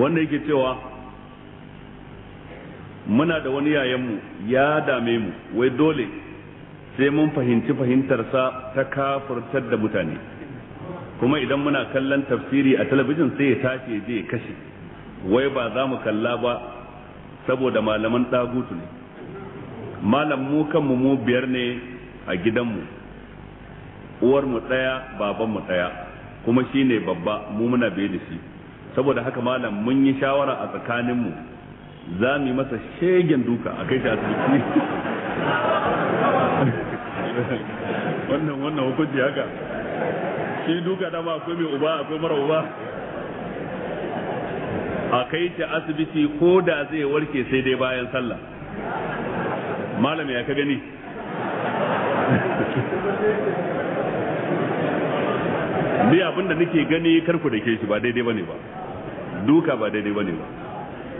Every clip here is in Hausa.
wanda yake cewa muna da wani yayanmu ya dame mu wai dole sai mun fahimci fahimtarsa ta kafurtar da mutane kuma idan muna kallon tafsiri a talabijin sai ya tashi je ya kashe wai ba za mu kalla ba saboda malaman ɗagutu ne malam mu kanmu mu biyar ne a gidanmu uwarmu ɗaya babanmu ɗaya kuma shi ne babba mu muna biye da shi saboda haka malam mun yi shawara a tsakaninmu za mu yi masa shegen duka a kai shi asibiti wannan wannan hukunci haka shi duka dama akwai mai uba akwai mara uba a kai shi asibiti ko da zai warke sai dai bayan sallah malam ya ka gani ni abin da nake gani karku da ke shi ba daidai bane ba duka ba daidai bane ba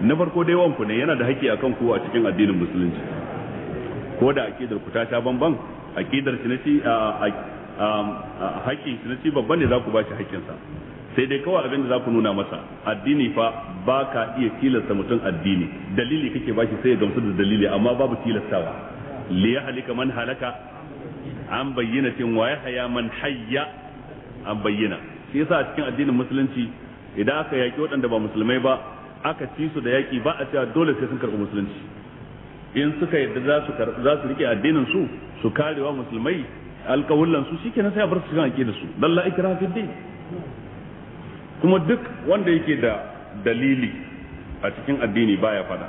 na farko dai wanku ne yana da haƙƙi akan ku a cikin addinin musulunci ko da aqidar ku ta ta banban aqidar ki na ci haƙƙin ki ci babban ne za ku ba shi sa sai dai kawai abin da za ku nuna masa addini fa ba ka iya tilasta mutum addini dalili kake ba shi sai ya gamsu da dalili amma babu tilastawa li yahlika man halaka an bayyana cin waya haya man hayya an bayyana shi yasa a cikin addinin musulunci idan aka yaki waɗanda ba musulmai ba aka ci su da yaki ba a cewa dole sai sun karɓi musulunci in suka yadda za su za su rike addinin su su wa musulmai alƙawullan su shikenan sai a bar su cikin aƙida su dalla ikra fi din kuma duk wanda yake da dalili a cikin addini baya fada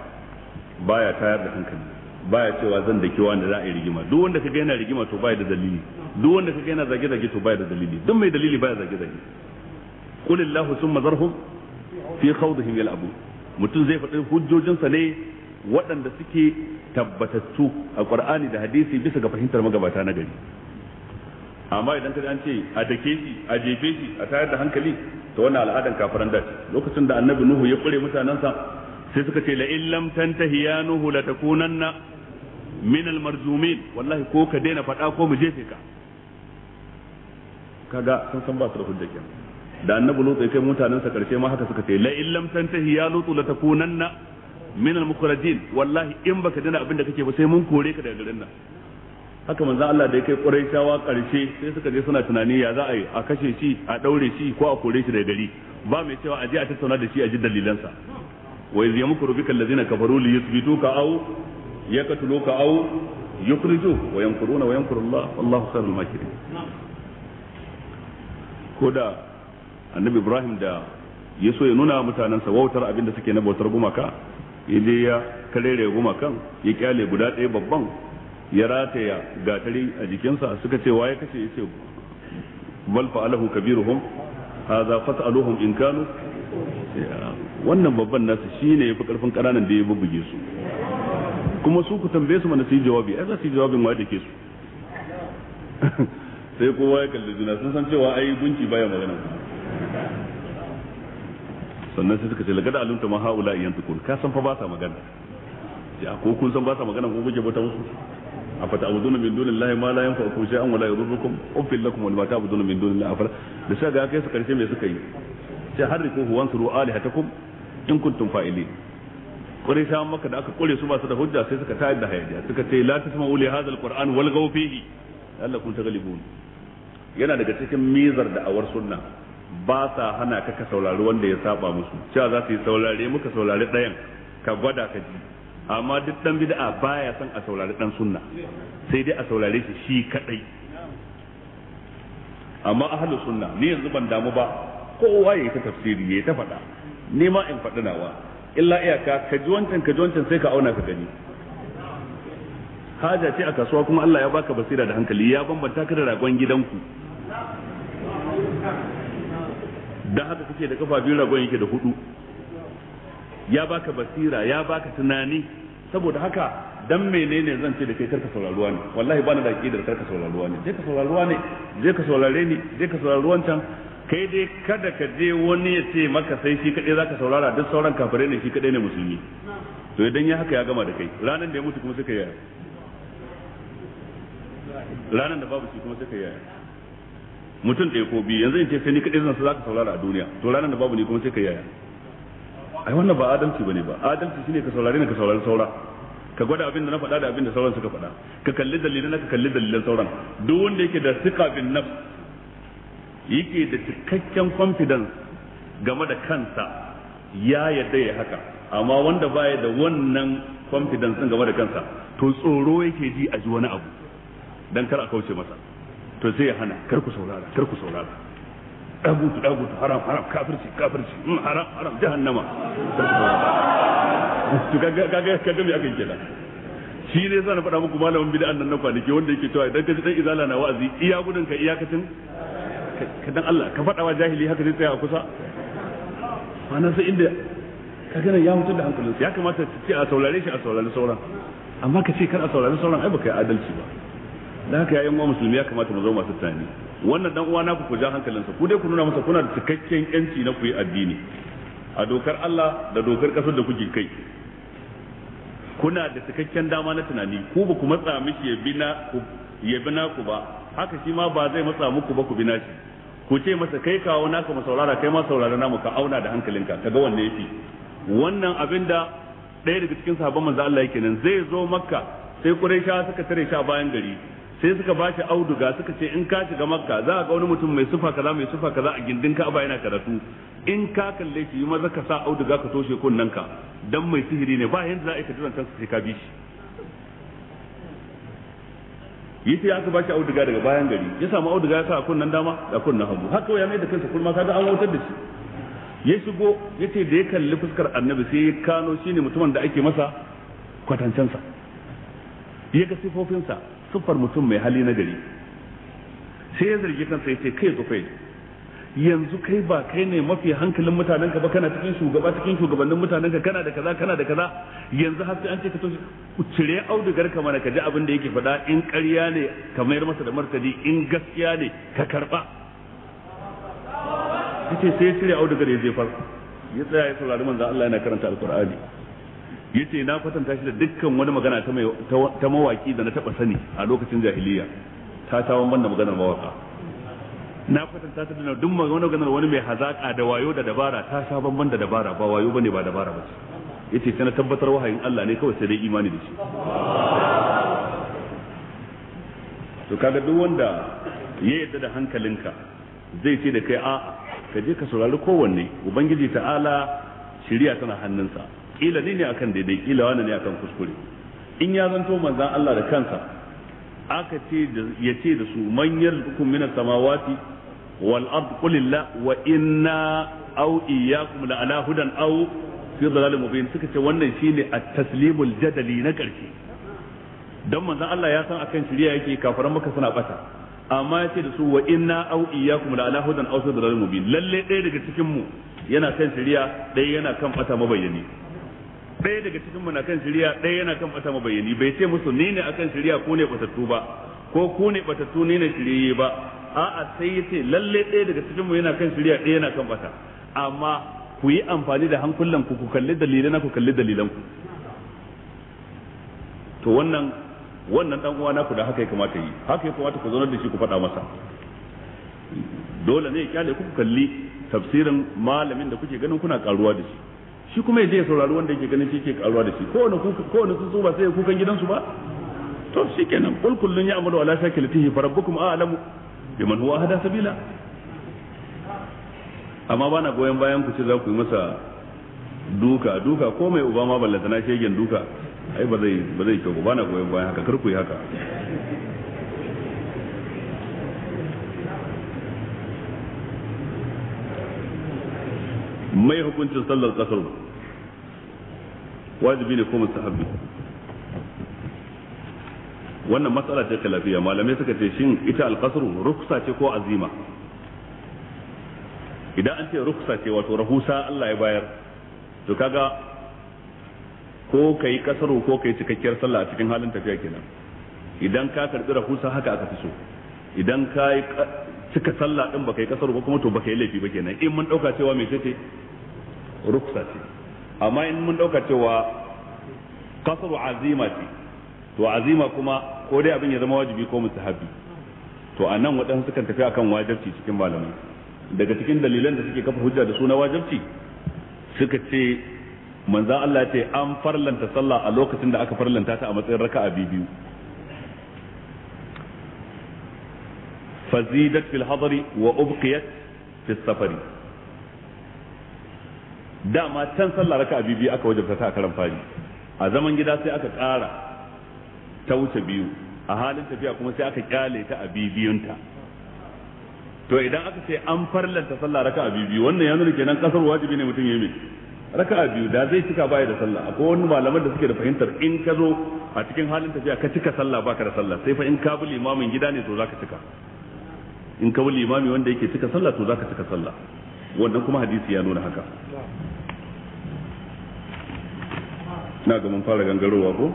baya tayar da hankali baya cewa zan da kewa da za a yi rigima duk wanda kaga yana rigima to baya da dalili duk wanda kaga yana zage zage to baya da dalili duk mai dalili baya zage zage sun illahu thumma zarhum fi khawdihim yal'abu mutum zai faɗi hujjojinsa ne waɗanda suke tabbatattu a qur'ani da hadisi bisa ga fahimtar magabata na gari amma idan ka an ce a dake shi a jefe shi a tayar da hankali to wannan al'adan kafiran da lokacin da annabi nuhu ya kure sa sai suka ce la illam tantahi ya nuhu la takunanna min al marjumin wallahi ko ka daina faɗa ko mu jefe ka kaga sun san ba su da hujja kenan da annabi lutu ya kai mutanen sa karshe ma haka suka ce la illam tantahi ya lutu la takunanna min al mukhrajin wallahi in baka dana abin da kake ba sai mun kore ka daga garin nan haka manzo Allah da ya kai quraishawa karshe sai suka je suna tunani ya za a yi a kashe shi a daure shi ko a kore shi daga gari ba mai cewa a je a tattauna da shi a ji dalilansa wa iz yamkuru bika allazina kafaru li yuthbituka aw yaqtuluka aw yukhriju wa yamkuruna wa yamkuru Allah wallahu khairul makirin koda annabi ibrahim da ya so ya nuna mutanensa wautar abin da suke na bautar gumaka ya je ya karere gumakan ya kyale guda ɗaya babban ya rataya gatari a jikinsa suka ce waye kace ya ce fa alahu kabiruhum hadha fas'aluhum in kanu wannan babban nasu shine yafi karfin kananan da ya bubbuge su kuma su ku tambaye su mana su yi jawabi ai za su yi jawabin waye dake su sai kowa ya kalli juna sun san cewa ai gunki baya magana sannan sai suka ce lagada alimta ma haula iyan tukun ka san fa ba sa magana ya ko kun san ba sa magana ko kuke bauta musu a fata abuduna min dunillahi ma la yanfa'ukum shay'an wa la yadurrukum ufil lakum wa ma ta'buduna min dunillahi afala da sai ga kai su karshe me suka yi sai hariku huwa suru alihatakum in kuntum fa'ilin kure sha maka da aka kure su ba su da hujja sai suka tayar da hayya suka ce la tasma'u li hadha alquran wal kun la'allakum taghlibun yana daga cikin mizar da'awar sunna ba sa hana ka ka saurari wanda ya saba musu cewa za su yi saurare muka saurari ɗayan ka gwada ka ji amma duk dan bid'a baya son a saurari dan sunna sai dai a saurare shi shi kadai amma ahlus sunna ni yanzu ban damu ba kowa yayi ta tafsiri yayi ta faɗa ni ma in faɗi nawa illa iyaka ka ji wancan ka ji wancan sai ka auna ka gani haja ce a kasuwa kuma Allah ya baka basira da hankali ya bambanta ka da ragon gidanku dan haka kake da kafa biyu ragon yake da hudu ya baka basira ya baka tunani saboda haka dan menene zan ce da kai karka sauraruwa ne wallahi bani da aqidar karka sauraruwa ne zai ka sauraruwa ne zai ka saurare ni zai ka sauraruwan can kai dai kada ka je wani ya ce maka sai shi kadai zaka saurara duk sauran kafirai ne shi kadai ne musulmi to idan ya haka ya gama da kai ranan da ya mutu kuma suka yaya ranan da babu shi kuma suka yaya mutum ɗaya ko biyu yanzu in ce sai ni kaɗai zan za ka saurara a duniya to ranar da babu ni kuma sai ka yaya ai wannan ba adalci bane ba adalci shine ka saurare ni ka saurari saura ka gwada abin da na faɗa da abin da sauran suka faɗa ka kalli dalilan na ka kalli dalilan sauran duk wanda yake da siqa bin nafs yake da cikakken confidence game da kansa ya yadda ya haka amma wanda baya da wannan confidence game da kansa to tsoro yake ji a ji wani abu dan kar a kauce masa to zai ya hana kar ku saurara kar ku saurara dagutu dagutu haram haram kafirci kafirci in mm, haram haram jahannama to ga ga ga me aka kenan shi ne zan faɗa muku malamin bid'an nan na kwanaki wanda yake cewa idan ka ji dan izala na wa'azi iya gudun ka iyakacin ka dan Allah ka faɗa wa jahili haka zai tsaya a kusa ana sai inda ka gane ya mutu da hankalinsa ya kamata ce a saurare shi a saurare sauran amma ka ce kar a saurare sauran ai baka yi adalci ba da haka yayin uwa musulmi ya kamata mu zo masu tunani wannan dan uwa naku ku ja hankalinsa ku dai ku nuna masa kuna da cikakken yanci na ku yi addini a dokar Allah da dokar kasar da kuke kai kuna da cikakken dama na tunani ku ba ku matsa miki ya bi ku ba haka shi ma ba zai matsa muku ba ku bi nashi ku ce masa kai kawo naka mu saurara kai ma saurara namu ka auna da hankalinka kaga wanne yafi wannan abin da ɗaya daga cikin sahabban manzo Allah yake nan zai zo makka sai quraisha suka tare shi a bayan gari sai suka ba shi auduga suka ce in ka shiga makka za a ga wani mutum mai sufa kaza mai sufa kaza a gindin ka'aba yana karatu in ka kalle shi yi maza ka sa auduga ka toshe kunnen ka dan mai sihiri ne ba yanzu za a yi ka kansa sai ka bi shi yi sai aka ba shi auduga daga bayan gari ya samu auduga ya sa a kunnen dama da kunnen hagu haka ya mai da kansa kurma ga an wutar da shi ya shigo ya ce da ya kalli fuskar annabi sai ya kano shi ne mutumin da ake masa kwatancensa ya ga sifofinsa siffar mutum mai hali nagari sai ya zargi kansa ya ce kai tufai yanzu kai ba kai ne mafi hankalin mutanen ka ba kana cikin shugaba cikin shugabannin mutanen ka kana da kaza kana da kaza yanzu har sai an ce ka to cire audugar ka mana ka ji abin da yake faɗa in ƙarya ne ka mayar masa da martani in gaskiya ne ka karba yace sai ya cire audugar ya je jefar ya tsaya ya saurari manzon Allah yana karanta alqur'ani yace na kwatanta shi da dukkan wani magana ta mai ta mawaki da na taba sani a lokacin jahiliya ta tawon banda maganar mawaka na kwatanta ta da duk wani maganar wani mai hazaka da wayo da dabara ta sha bamban da dabara ba wayo bane ba dabara ba ce yace sai na tabbatar wahayin Allah ne kawai sai dai imani da shi to kaga duk wanda ya yadda da hankalinka zai ce da kai a'a ka je ka saurari kowanne ubangiji ta'ala shari'a tana hannunsa kila ne ne akan daidai kila wani ne akan kuskure in ya zanto manzan Allah da kansa aka ce ya ce da su man yarzuqukum minas samawati wal ard qulillah wa inna aw iyyakum la ala hudan aw fi dhalalin mubin suka ce wannan shine at-taslimul jadali na karshe dan manzan Allah ya san akan shari'a yake kafaran maka suna bata amma ya ce da su wa inna aw iyyakum la ala hudan aw fi dhalalin mubin lalle ɗaya daga cikin mu yana kan shari'a ɗaya yana kan bata mabayyani ɗaya daga cikin mu na kan shari'a ɗaya yana kan fata mabayani bai ce musu ni ne akan shari'a ko ne batattu ba ko ku ne batattu ni ne shiriye ba a'a sai ya ce lalle ɗaya daga cikin mu yana kan shari'a ɗaya yana kan fata amma ku yi amfani da hankulan ku ku kalli dalilan ku kalli dalilan ku to wannan wannan dan uwa ku da haka ya kamata yi haka ya kamata ku zonar da shi ku faɗa masa dole ne ya kyale ku kalli tafsirin malamin da kuke ganin kuna karuwa da shi shi kuma ya je saurari wanda yake ganin shi ke karuwa da shi kowane kowane so ba sai kukan gidansu ba to shikenan kul kullun ya'malu ala shakilatihi rabbukum a'lamu biman huwa hada sabila amma bana goyon bayan ku ce za ku yi masa duka duka ko mai uba ma ballata na shegen duka ai ba zai ba zai kyau bana goyon bayan haka kar ku yi haka mai hukuncin sallar kasar wajibi ne ko mustahabbi wannan matsala ce kalafiya malamai suka ce shin ita alqasru ruksa ce ko azima idan an ce ruksa ce wato rahusa Allah ya bayar to kaga ko kai kasaru ko kai cikakkiyar sallah a cikin halin tafiya kenan idan ka karbi rahusa haka aka fi so idan ka cika sallah din baka yi kasaru ba kuma to baka yi laifi ba kenan in mun dauka cewa ce ce ruksa ce amma in mun dauka cewa kasaru azima ce to azima kuma ko dai abin ya zama wajibi ko mustahabi to a nan waɗansu sukan tafi akan wajibci cikin malamai daga cikin dalilan da suke kafa hujja da su na wajibci suka ce manzan Allah ce an farlanta sallah a lokacin da aka farlanta ta a matsayin raka'a biyu fazidat fil hadari wa ubqiyat fis safari dama can sallah raka'a biyu aka wajabta ta a karan fari a zaman gida sai aka ƙara ta wuce biyu a halin tafiya kuma sai aka kyale ta a bibiyunta to idan aka ce an farlanta sallah raka'a biyu wannan ya nuna kenan kasar wajibi ne mutum ya yi raka'a biyu da zai cika baya da sallah akwai wani malaman da suke da fahimtar in ka zo a cikin halin tafiya ka cika sallah baka da sallah sai fa in ka bi limamin gida ne to zaka cika in ka bi limami wanda yake cika sallah to zaka cika sallah wannan kuma hadisi ya nuna haka na ga mun fara gangarowa ko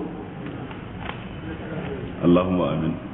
Allahumma amin